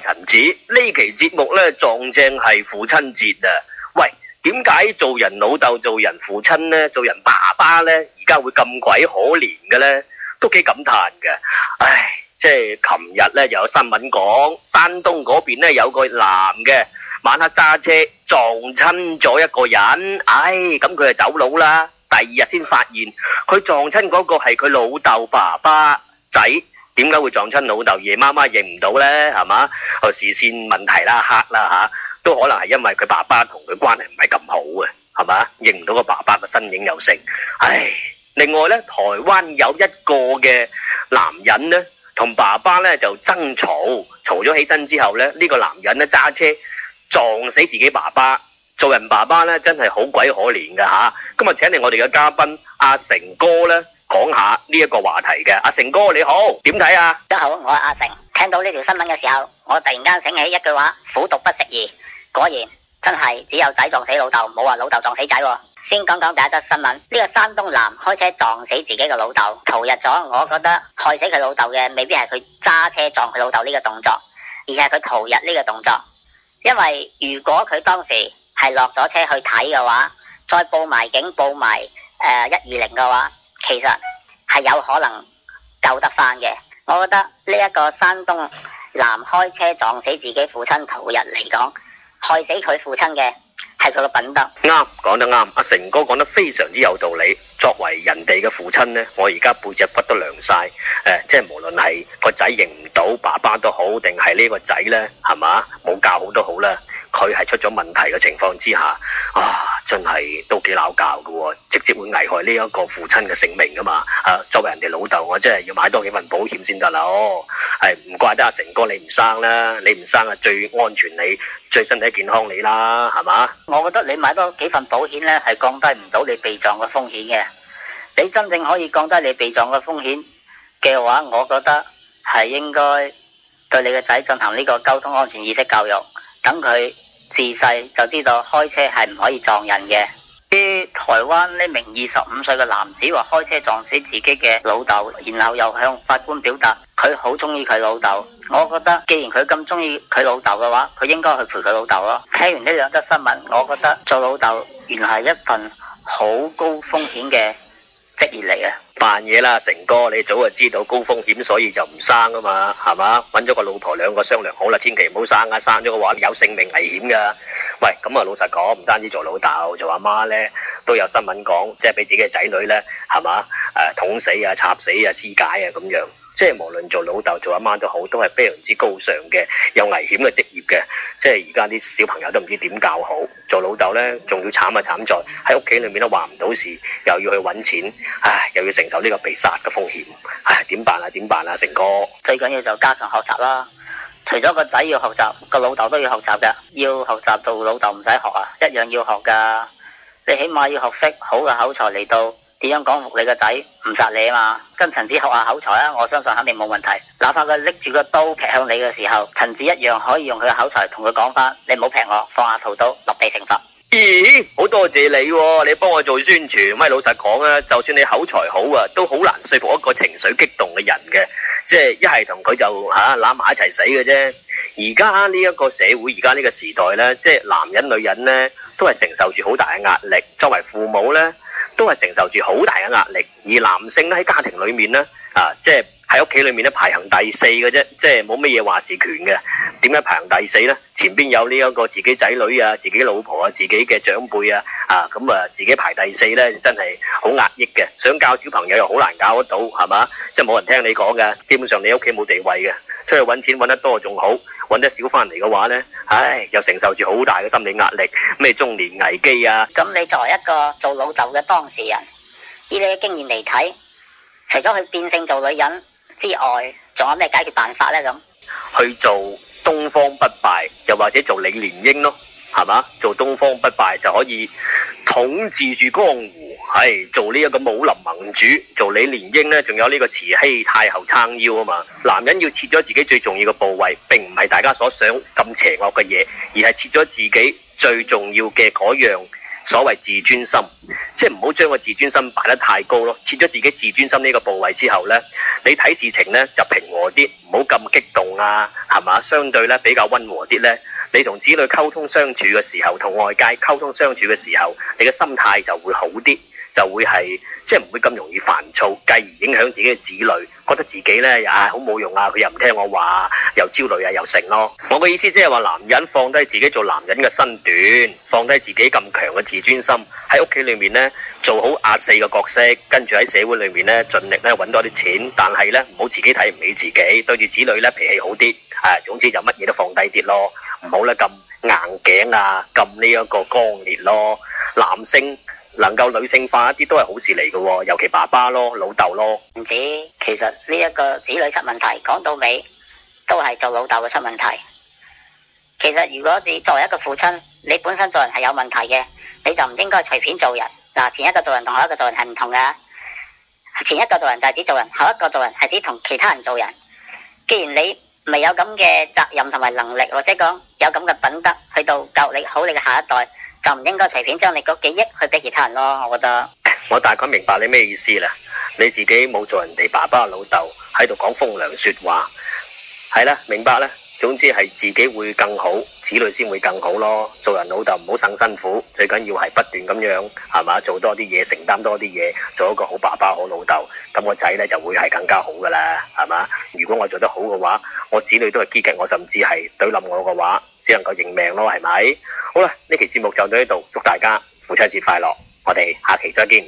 陳子呢期節目呢，撞正係父親節啊！喂，點解做人老豆、做人父親呢？做人爸爸呢？而家會咁鬼可憐嘅呢？都幾感嘆嘅，唉！即係琴日呢，就有新聞講，山東嗰邊呢，有個男嘅晚黑揸車撞親咗一個人，唉、哎，咁佢就走佬啦，第二日先發現佢撞親嗰個係佢老豆爸爸仔。點解會撞親老豆？夜媽媽認唔到呢？係嘛？哦，視線問題啦，黑啦吓，都可能係因為佢爸爸同佢關係唔係咁好嘅，係嘛？認唔到個爸爸個身影又成。唉，另外呢，台灣有一個嘅男人呢，同爸爸呢就爭吵，吵咗起身之後呢，呢、呢個男人呢揸車撞死自己爸爸。做人爸爸呢，真係好鬼可憐噶吓。今日請嚟我哋嘅嘉賓阿成哥呢，講下呢一個話題嘅阿成哥你好，點睇啊？大家好，我係阿成聽到呢條新聞嘅時候，我突然間醒起一句話：虎毒不食兒。果然真係只有仔撞死老豆，冇話老豆撞死仔、哦。先講講第一則新聞，呢、這個山東男開車撞死自己嘅老豆逃逸咗。我覺得害死佢老豆嘅未必係佢揸車撞佢老豆呢個動作，而係佢逃逸呢個動作。因為如果佢當時係落咗車去睇嘅話，再報埋警報埋誒一二零嘅話。其實係有可能救得翻嘅。我覺得呢一個山東男開車撞死自己父親逃逸嚟講，害死佢父親嘅係佢個品德。啱，講得啱。阿、啊、成哥講得非常之有道理。作為人哋嘅父親呢，我而家背脊骨都涼晒。誒、呃，即係無論係個仔認唔到爸爸都好，定係呢個仔呢，係嘛，冇教好都好啦。佢係出咗問題嘅情況之下，啊，真係都幾鬧交嘅喎，直接會危害呢一個父親嘅性命㗎嘛。啊，作為人哋老豆，我真係要買多幾份保險先得啦。係、哦、唔、哎、怪得阿成哥你唔生啦，你唔生啊最安全你、最身體健康你啦，係嘛？我覺得你買多幾份保險呢，係降低唔到你被撞嘅風險嘅。你真正可以降低你被撞嘅風險嘅話，我覺得係應該對你嘅仔進行呢個交通安全意識教育，等佢。自細就知道開車係唔可以撞人嘅。於台灣呢名二十五歲嘅男子話開車撞死自己嘅老豆，然後又向法官表達佢好鍾意佢老豆。我覺得既然佢咁鍾意佢老豆嘅話，佢應該去陪佢老豆咯。聽完呢兩則新聞，我覺得做老豆原來係一份好高風險嘅職業嚟嘅。扮嘢啦，成哥，你早就知道高風險，所以就唔生啊嘛，係嘛？揾咗個老婆，兩個商量好啦，千祈唔好生啊，生咗嘅話有性命危險噶。喂，咁啊老實講，唔單止做老豆做阿媽呢，都有新聞講，即係畀自己嘅仔女呢，係嘛？誒、呃，捅死啊，插死啊，肢解啊，咁樣。即係無論做老豆做阿媽都好，都係非常之高尚嘅，有危險嘅職業嘅。即係而家啲小朋友都唔知點教好。做老豆呢仲要慘啊，慘在喺屋企裏面都話唔到事，又要去揾錢，唉，又要承受呢個被殺嘅風險。唉，點辦啊，點辦啊，成哥，最緊要就加強學習啦。除咗個仔要學習，個老豆都要學習嘅，要學習到老豆唔使學啊，一樣要學噶。你起碼要學識好嘅口才嚟到。點樣說服你個仔唔殺你啊嘛？跟陳子學下口才啊，我相信肯定冇問題。哪怕佢拎住個刀劈向你嘅時候，陳子一樣可以用佢嘅口才同佢講翻：你唔好劈我，放下屠刀，落地成佛。咦？好多謝你哦，你幫我做宣傳。咪老實講啊，就算你口才好啊，都好難說服一個情緒激動嘅人嘅。即係、啊、一係同佢就吓攬埋一齊死嘅啫。而家呢一個社會，而家呢個時代呢，即係男人女人呢，都係承受住好大嘅壓力。作為父母呢，都係承受住好大嘅壓力，而男性咧，喺家庭裏面咧，啊，即係喺屋企裏面咧，排行第四嘅啫，即係冇乜嘢話事權嘅。點解排行第四咧？前邊有呢一個自己仔女啊，自己老婆啊，自己嘅長輩啊，啊咁啊，自己排第四咧，真係好壓抑嘅。想教小朋友又好難教得到，係嘛？即係冇人聽你講嘅，基本上你屋企冇地位嘅。出去揾錢揾得多仲好，揾得少翻嚟嘅話呢，唉又承受住好大嘅心理壓力，咩中年危機啊！咁你作為一個做老豆嘅當事人，以你嘅經驗嚟睇，除咗去變性做女人之外，仲有咩解決辦法呢？咁去做東方不敗，又或者做李連英咯，係嘛？做東方不敗就可以統治住江湖。係、哎、做呢一個武林盟主，做李蓮英呢，仲有呢個慈禧太后撐腰啊嘛！男人要切咗自己最重要嘅部位，並唔係大家所想咁邪惡嘅嘢，而係切咗自己最重要嘅嗰樣所謂自尊心，即係唔好將個自尊心擺得太高咯。切咗自己自尊心呢個部位之後呢，你睇事情呢就平和啲，唔好咁激動啊，係嘛？相對呢比較溫和啲呢。你同子女溝通相處嘅時候，同外界溝通相處嘅時候，你嘅心態就會好啲。就會係即係唔會咁容易煩躁，繼而影響自己嘅子女，覺得自己呢，唉，好冇用啊！佢又唔聽我話，又焦慮啊，又成咯。我嘅意思即係話，男人放低自己做男人嘅身段，放低自己咁強嘅自尊心，喺屋企裏面呢，做好阿四嘅角色，跟住喺社會裏面呢，盡力呢，揾多啲錢，但係呢，唔好自己睇唔起自己，對住子女呢，脾氣好啲，啊，總之就乜嘢都放低啲咯，唔好呢，咁硬頸啊，咁呢一個剛烈咯，男性。.能夠女性化一啲都係好事嚟噶。哦，尤其爸爸咯、老豆咯。唔止，其實呢一個子女出問題，講到尾都係做老豆會出問題。其實如果只作為一個父親，你本身做人係有問題嘅，你就唔應該隨便做人。嗱，前一個做人同後一個做人係唔同噶。前一個做人就係指做人，後一個做人係指同其他人做人。既然你未有咁嘅責任同埋能力，或者講有咁嘅品德，去到教育你好你嘅下一代，就唔應該隨便將你嗰幾億去畀其他人咯，我覺得。我大概明白你咩意思啦，你自己冇做人哋爸爸老豆，喺度講風涼說話，係啦，明白啦。總之係自己會更好，子女先會更好咯。做人老豆唔好省辛苦，最緊要係不斷咁樣，係嘛，做多啲嘢，承擔多啲嘢，做一個好爸爸、好老豆，咁個仔呢就會係更加好噶啦，係嘛。如果我做得好嘅話，我子女都係激極，我甚至係懟冧我嘅話，只能夠認命咯，係咪？好啦，呢期節目就到呢度，祝大家父親節快樂，我哋下期再見。